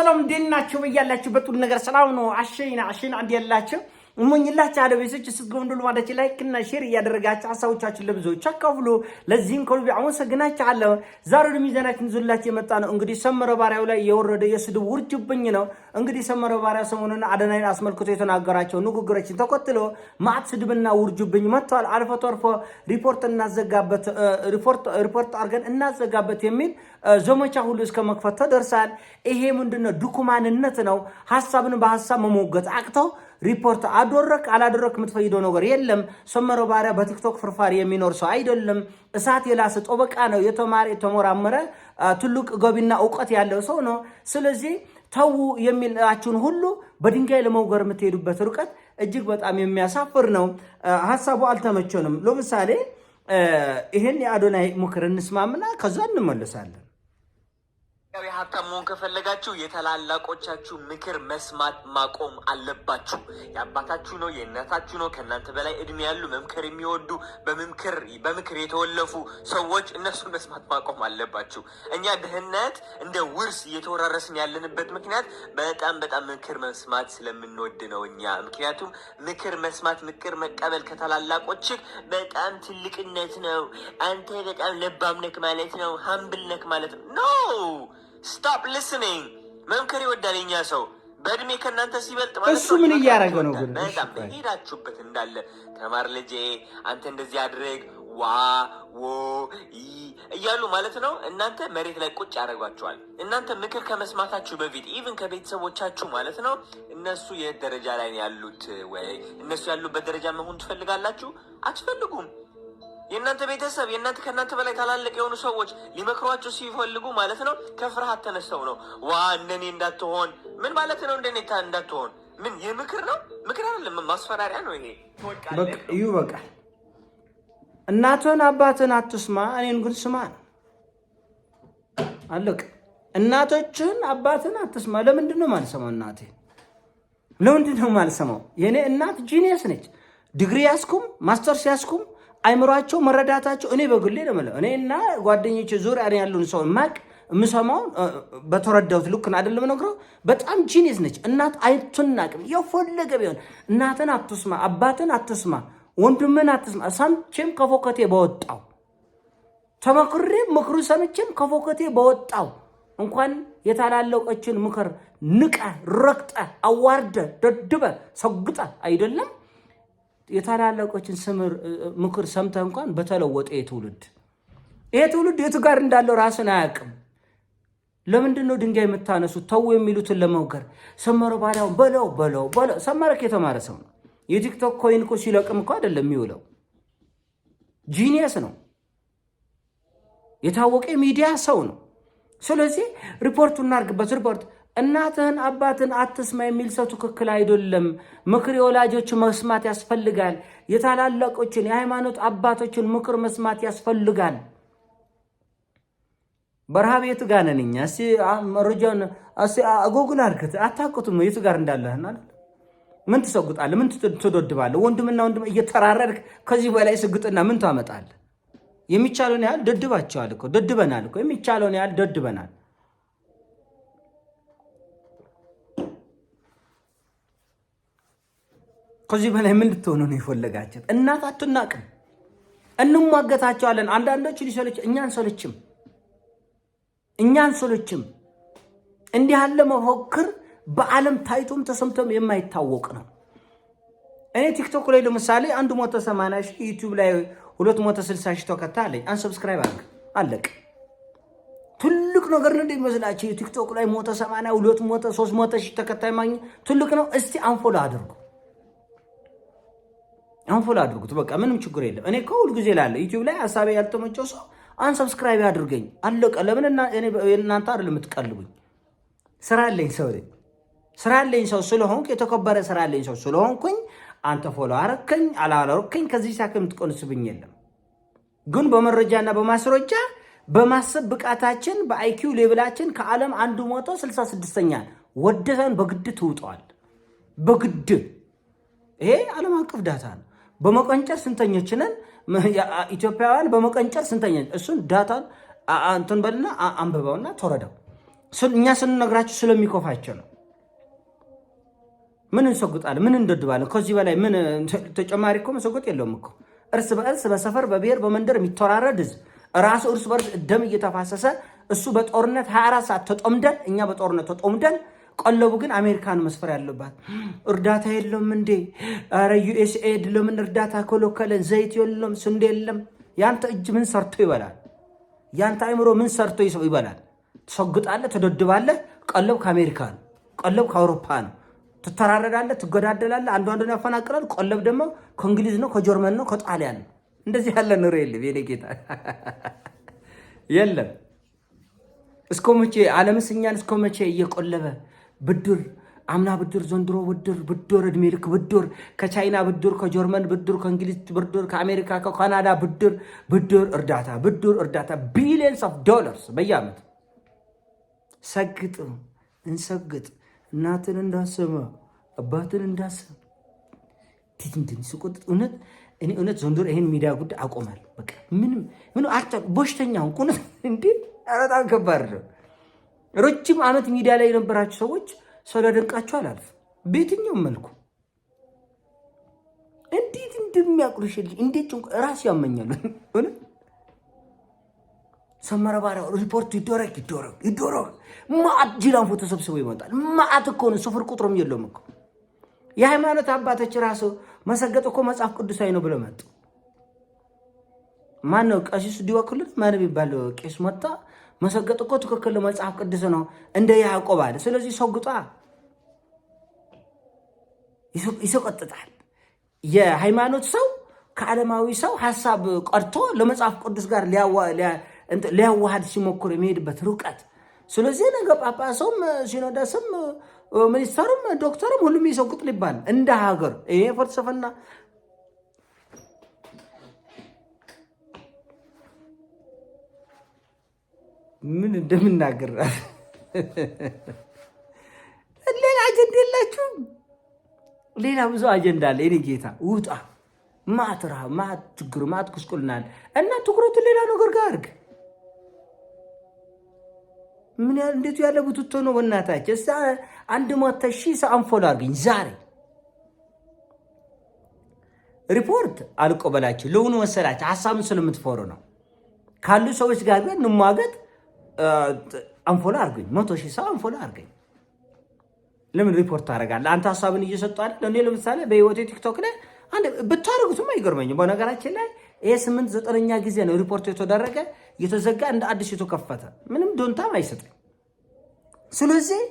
ሰላም እንዴት ናችሁ? በያላችሁበት ሁሉ ነገር ሰላም ነው። አሸይና አሸይና እንዴት ያላችሁ እሞኝላችሁ አደቤሶች ስትጎምዱል ማለች ላይክና ሼር እያደረጋችሁ ሀሳቦቻችን ለብዙዎች አካፍሉ። ለዚህም ከልቤ አመሰግናችኋለሁ። ዛሬ ወደ ሚዛናችን ዙላችሁ የመጣ ነው እንግዲህ ሰመረ ባሪያው ላይ የወረደ የስድብ ውርጅብኝ ነው። እንግዲህ ሰመረ ባሪያ ሰሞኑን አደናይን አስመልክቶ የተናገራቸው ንግግሮችን ተቆጥሎ ማት ስድብና ውርጅብኝ መጥተዋል። አልፎ ተርፎ ሪፖርት እናዘጋበት ሪፖርት አድርገን እናዘጋበት የሚል ዘመቻ ሁሉ እስከ መክፈት ተደርሳል። ይሄ ምንድነው? ድኩማንነት ነው። ሀሳብን በሀሳብ መሞገት አቅተው ሪፖርት አዶረክ አላደረክ የምትፈይደው ነገር የለም። ሰመረ ባሪያ በቲክቶክ ፍርፋሪ የሚኖር ሰው አይደለም። እሳት የላሰ ጠበቃ ነው። የተማረ የተሞራመረ ትልቅ ገቢና እውቀት ያለው ሰው ነው። ስለዚህ ተዉ የሚላችሁን ሁሉ በድንጋይ ለመውገር የምትሄዱበት ርቀት እጅግ በጣም የሚያሳፍር ነው። ሀሳቡ አልተመቸንም። ለምሳሌ ይህን የአዶናይ ምክር እንስማምና ከዛ እንመለሳለን። ሀብታም መሆን ከፈለጋችሁ የታላላቆቻችሁ ምክር መስማት ማቆም አለባችሁ። የአባታችሁ ነው፣ የእናታችሁ ነው፣ ከእናንተ በላይ እድሜ ያሉ መምከር የሚወዱ በምክር የተወለፉ ሰዎች እነሱን መስማት ማቆም አለባችሁ። እኛ ድህነት እንደ ውርስ እየተወራረስን ያለንበት ምክንያት በጣም በጣም ምክር መስማት ስለምንወድ ነው እኛ። ምክንያቱም ምክር መስማት፣ ምክር መቀበል ከታላላቆችህ በጣም ትልቅነት ነው። አንተ በጣም ለባምነክ ማለት ነው፣ ሀምብልነክ ማለት ነው። ስታፕ ሊስኒንግ መምከር ይወዳል የኛ ሰው በእድሜ ከእናንተ ሲበልጥ ማለት እሱ ምን እያደረገ ነው? ግን ሄዳችሁበት እንዳለ ተማር ልጄ አንተ እንደዚህ አድርግ ዋ ዎ እያሉ ማለት ነው። እናንተ መሬት ላይ ቁጭ ያደርጓቸዋል። እናንተ ምክር ከመስማታችሁ በፊት ኢቭን ከቤተሰቦቻችሁ ማለት ነው። እነሱ የት ደረጃ ላይ ያሉት ወይ እነሱ ያሉበት ደረጃ መሆን ትፈልጋላችሁ? አትፈልጉም። የእናንተ ቤተሰብ የእናንተ ከእናንተ በላይ ታላልቅ የሆኑ ሰዎች ሊመክሯቸው ሲፈልጉ ማለት ነው ከፍርሃት ተነስተው ነው። ዋ እንደኔ እንዳትሆን ምን ማለት ነው? እንደኔ እንዳትሆን ምን የምክር ነው? ምክር አይደለም፣ ማስፈራሪያ ነው ይሄ። እዩ በቃል እናትህን አባትህን አትስማ፣ እኔን ግን ስማ ነው አለቅ። እናቶችህን አባትህን አትስማ። ለምንድን ነው ማልሰማው? እናቴ ለምንድን ነው ማልሰማው? የእኔ እናት ጂኒየስ ነች። ዲግሪ ያስኩም ማስተርስ ያስኩም አይምሯቸው መረዳታቸው እኔ በግሌ ነው እኔ እና ጓደኞች ዙሪያ ያሉን ሰው ማቅ የምሰማውን በተረዳሁት ልክ አይደለም ነግረው በጣም ጂኒስ ነች እናት አይቱናቅም። የፈለገ ቢሆን እናትን አትስማ፣ አባትን አትስማ፣ ወንድምን አትስማ። ሰምቼም ከፎከቴ በወጣው ተመክሬ ምክሩ ሰምቼም ከፎከቴ በወጣው እንኳን የታላለቀችን ምክር ንቀ ረግጠ አዋርደ ደድበ ሰግጠ አይደለም የታላላቆችን ምክር ሰምተ እንኳን በተለወጠ የትውልድ ይሄ ትውልድ የቱ ጋር እንዳለው ራስን አያውቅም። ለምንድን ነው ድንጋይ የምታነሱት? ተው የሚሉትን ለመውገር ሰመረ ባሪያው በለው በለው በለው። ሰመረክ የተማረ ሰው ነው። የቲክቶክ ኮይን እኮ ሲለቅም እኮ አይደለም የሚውለው። ጂኒየስ ነው። የታወቀ ሚዲያ ሰው ነው። ስለዚህ ሪፖርቱ እናርግበት ሪፖርት እናትህን አባትን አትስማ የሚል ሰው ትክክል አይደለም። ምክር የወላጆች መስማት ያስፈልጋል። የታላላቆችን የሃይማኖት አባቶችን ምክር መስማት ያስፈልጋል። በረሃብ የት ጋር ነን እኛ? እስኪ መረጃውን ጎግል አድርገህ አታውቅም የቱ ጋር እንዳለህና ምን ትሰጉጣለህ? ምን ትዶድባለህ? ወንድምና ወንድም እየተራረድክ ከዚህ በላይ ስግጥና ምን ታመጣለህ? የሚቻለውን ያህል ደድባቸዋል እኮ ደድበናል እኮ የሚቻለውን ያህል ደድበናል። ከዚህ በላይ ምን ልትሆኑ ነው የፈለጋቸው? እናት አትናቅም። እንሟገታቸዋለን። አንዳንዶች ሊሰሎች እኛ አንሰሎችም፣ እኛ አንሰሎችም። እንዲህ ያለ መፎክር በዓለም ታይቶም ተሰምቶም የማይታወቅ ነው። እኔ ቲክቶክ ላይ ለምሳሌ አንድ ሞተ ሰማንያ ሺህ ዩቲዩብ ላይ 260 መቶ ሺህ አለኝ። አንሰብስክራይብ አድርግ አለቅ። ትልቅ ነገር ነው እንደሚመስላቸው ቲክቶክ ላይ መቶ ሰማንያ ሁለት ሺህ ተከታይ ማግኘት ትልቅ ነው። እስቲ አንፎሎ አድርጉ። አሁን አድርጉት። በቃ ምንም ችግር የለም። እኔ ከሁል ጊዜ ላለ ዩቲዩብ ላይ ሀሳቤ ያልተመቸው ሰው አንሰብስክራይብ አድርገኝ አለቀ። ለምን እናንተ አይደለም የምትቀልቡኝ? ስራ አለኝ ሰው ስራ አለኝ ሰው ስለሆንኩ የተከበረ ስራ አለኝ ሰው ስለሆንኩኝ አንተ ፎሎ አረከኝ አላረከኝ ከዚህ ሳክ የምትቆንስብኝ የለም። ግን በመረጃና በማስረጃ በማሰብ ብቃታችን በአይኪው ሌብላችን ከዓለም አንዱ መቶ ስልሳ ስድስተኛ ወደተን በግድ ትውጠዋል። በግድ ይሄ ዓለም አቀፍ ዳታ ነው። በመቀንጨር ስንተኞች ነን? ኢትዮጵያውያን በመቀንጨር ስንተኞች? እሱን ዳታን እንትን በልና አንብበውና ተወረደው። እኛ ስንነግራቸው ስለሚኮፋቸው ነው። ምን እንሰጉጣለን? ምን እንደድባለን? ከዚህ በላይ ምን ተጨማሪ እኮ መሰጎጥ የለውም እኮ። እርስ በእርስ በሰፈር በብሔር በመንደር የሚተራረድ ህዝብ ራሱ እርስ በርስ ደም እየተፋሰሰ እሱ በጦርነት 24 ሰዓት ተጠምደን እኛ በጦርነት ተጠምደን ቀለቡ ግን አሜሪካን መስፈር ያለባት እርዳታ የለም እንዴ? ረ ዩኤስኤድ ለምን እርዳታ ከሎከለን? ዘይት የለም፣ ስንዴ የለም። ያንተ እጅ ምን ሰርቶ ይበላል? ያንተ አይምሮ ምን ሰርቶ ይበላል? ትሰግጣለህ፣ ትደድባለህ። ቀለብ ከአሜሪካ ነው፣ ቀለብ ከአውሮፓ ነው። ትተራረዳለህ፣ ትገዳደላለህ፣ አንዱ አንዱን ያፈናቅላል። ቀለብ ደግሞ ከእንግሊዝ ነው፣ ከጀርመን ነው፣ ከጣሊያን ነው። እንደዚህ ያለ ኑሮ የለም የኔ ጌታ የለም። እስከ መቼ ዓለምስ እኛን እስከ መቼ እየቆለበ ብድር አምና ብድር፣ ዘንድሮ ብድር ብድር፣ እድሜ ልክ ብድር፣ ከቻይና ብድር፣ ከጀርመን ብድር፣ ከእንግሊዝ ብድር፣ ከአሜሪካ ከካናዳ ብድር፣ ብድር እርዳታ፣ ብድር እርዳታ፣ ቢሊየንስ ኦፍ ዶላርስ በየዓመት ሰግጥ እንሰግጥ። እናትን እንዳሰበ አባትን እንዳሰብ ትንትን ስቁጥ እውነት እኔ እውነት ዘንድሮ ይሄን ሚዲያ ጉዳይ አቆማል። በቃ ምንም ምን አጫ በሽተኛ ቁነት እንዴ በጣም ከባድ ነው። ረጅም ዓመት ሚዲያ ላይ የነበራችሁ ሰዎች ሰው ሊያደንቃችሁ አላልፍም። በየትኛውም መልኩ እንዴት እንደሚያቁልሽ እንዴት ጭንቁ ራሱ ያመኛሉ። ሰመረ ባሪያ ሪፖርት ይደረግ ይደረግ ይደረግ። ማአት ጅላን ፎቶ ሰብስቦ ይመጣል። ማአት እኮ ነው፣ ስፍር ቁጥርም የለውም እኮ የሃይማኖት አባቶች ራሱ መሰገጥ እኮ መጽሐፍ ቅዱሳዊ ነው ብለው መጡ። ማን ነው ቀሲሱ? ዲወክሉት ማን የሚባል ቄስ መጣ መሰገጥ እኮ ትክክል መጽሐፍ ቅዱስ ነው፣ እንደ ያዕቆብ አለ። ስለዚህ ሰግጧ ይሰቀጥጣል። የሃይማኖት ሰው ከዓለማዊ ሰው ሀሳብ ቀርቶ ለመጽሐፍ ቅዱስ ጋር ሊያዋሃድ ሲሞክር የሚሄድበት ርቀት። ስለዚህ ነገ ጳጳሱም ሲኖዳስም ሚኒስተርም ዶክተርም ሁሉም ይሰጉጥ ሊባል እንደ ሀገር ይሄ ፍልስፍና ምን እንደምናገር ሌላ አጀንዳ የላችሁም? ሌላ ብዙ አጀንዳ አለ። እኔ ጌታ ውጣ ማት ረሃብ፣ ማት ችግር፣ ማት ቁስቁልናል እና ትኩረቱን ሌላ ነገር ጋር አርግ። ምን ያህል እንዴቱ ያለ ቡትቶ ነው። በእናታችን እ አንድ መቶ ሺህ ሰው አንፎሎ አርግኝ ዛሬ ሪፖርት አልቆበላችሁ ለሆኑ መሰላችሁ ሀሳብን ስለምትፈሩ ነው። ካሉ ሰዎች ጋር ግን እንሟገት አንፎላ አርገኝ፣ መቶ ሺህ ሰው አንፎላ አርገኝ። ለምን ሪፖርት ታደርጋለህ? አንተ ሀሳብን እየሰጡ አይደል? እኔ ለምሳሌ በህይወቴ ቲክቶክ ላይ አንድ ብታደርጉትም አይገርመኝም። በነገራችን ላይ ይሄ ስምንት ዘጠነኛ ጊዜ ነው ሪፖርት የተደረገ የተዘጋ እንደ አዲስ የተከፈተ ምንም ዶንታም አይሰጠኝ። ስለዚህ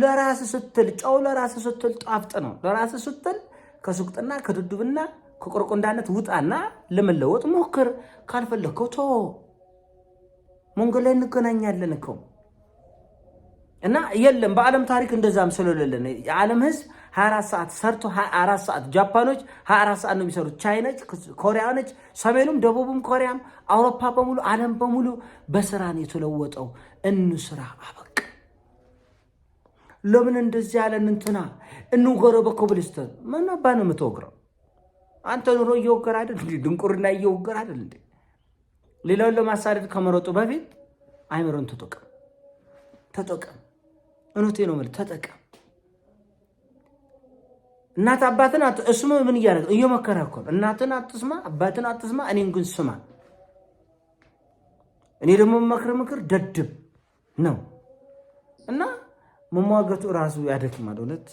ለራስ ስትል ጨው ለራስ ስትል ጣፍጥ ነው። ለራስ ስትል ከሱቅጥና ከድድብና ከቆርቆንዳነት ውጣና ለመለወጥ ሞክር። ካልፈለግከው ቶ መንገድ ላይ እንገናኛለን እኮ እና የለም በዓለም ታሪክ እንደዛም ስለሌለን የዓለም ህዝብ 24 ሰዓት ሰርቶ 24 ሰዓት ጃፓኖች 24 ሰዓት ነው የሚሰሩት። ቻይኖች፣ ኮሪያኖች፣ ሰሜኑም ደቡቡም ኮሪያም፣ አውሮፓ በሙሉ ዓለም በሙሉ በስራን የተለወጠው እንስራ አበቅ ለምን እንደዚህ ያለን እንትና እንጎረ በኮብልስተን መናባ ነው የምትወግረው አንተ ኑሮ እየወገር አይደል? ድንቁርና እየወገር አይደል? ሌላውን ለማሳደድ ከመሮጡ በፊት አይምሮን ተጠቀም፣ ተጠቀም። እውነቴ ነው የምልህ ተጠቀም። እናት አባትን እስሙ። ምን እያደረገ እየመከረ እኮ ነው። እናትን አትስማ፣ አባትን አትስማ፣ እኔን ግን ስማ። እኔ ደግሞ መክር ምክር ደድብ ነው እና መሟገቱ ራሱ ያደክማል፣ እውነት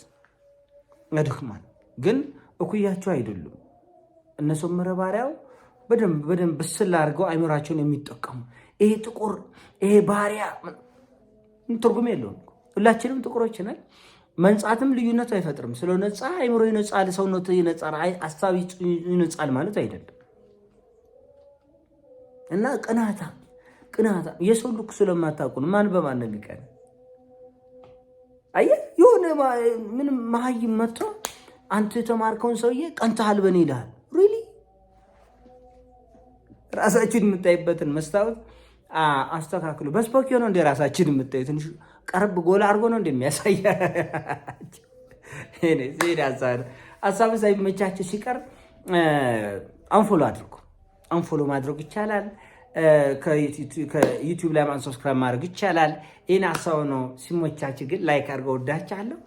ያደክማል። ግን እኩያቸው አይደሉም እነሱ መረባሪያው በደንብ በደንብ ብስል አድርገው አይምራቸውን የሚጠቀሙ ይሄ ጥቁር ይሄ ባሪያ ትርጉም የለውም። ሁላችንም ጥቁሮች ነን። መንጻትም ልዩነቱ አይፈጥርም። ስለ ነጻ አይምሮ ይነጻል፣ ሰውነቱ ይነጻል፣ አሳቢ ይነጻል ማለት አይደለም። እና ቅናታ ቅናታ የሰው ልክ ስለማታውቁን ማን በማን ነው የሚቀን? አየህ የሆነ ምንም መሀይም መጥቶ አንተ የተማርከውን ሰውዬ ቀንተሃል በኔ ይልሃል። ሪሊ ራሳችሁን የምታይበትን መስታወት አስተካክሉ። በስፖኪዮ ነው እንደ ራሳችን የምታዩ ትንሽ ቀረብ ጎላ አድርጎ ነው እንደሚያሳያቸው። ሀሳብ ሳይመቻቸው ሲቀር አንፎሎ አድርጉ። አንፎሎ ማድረግ ይቻላል። ከዩቲዩብ ላይ ማን ሰብስክራይብ ማድረግ ይቻላል። ይህን ሀሳብ ነው። ሲመቻች ግን ላይክ አድርገው ወዳቻለሁ።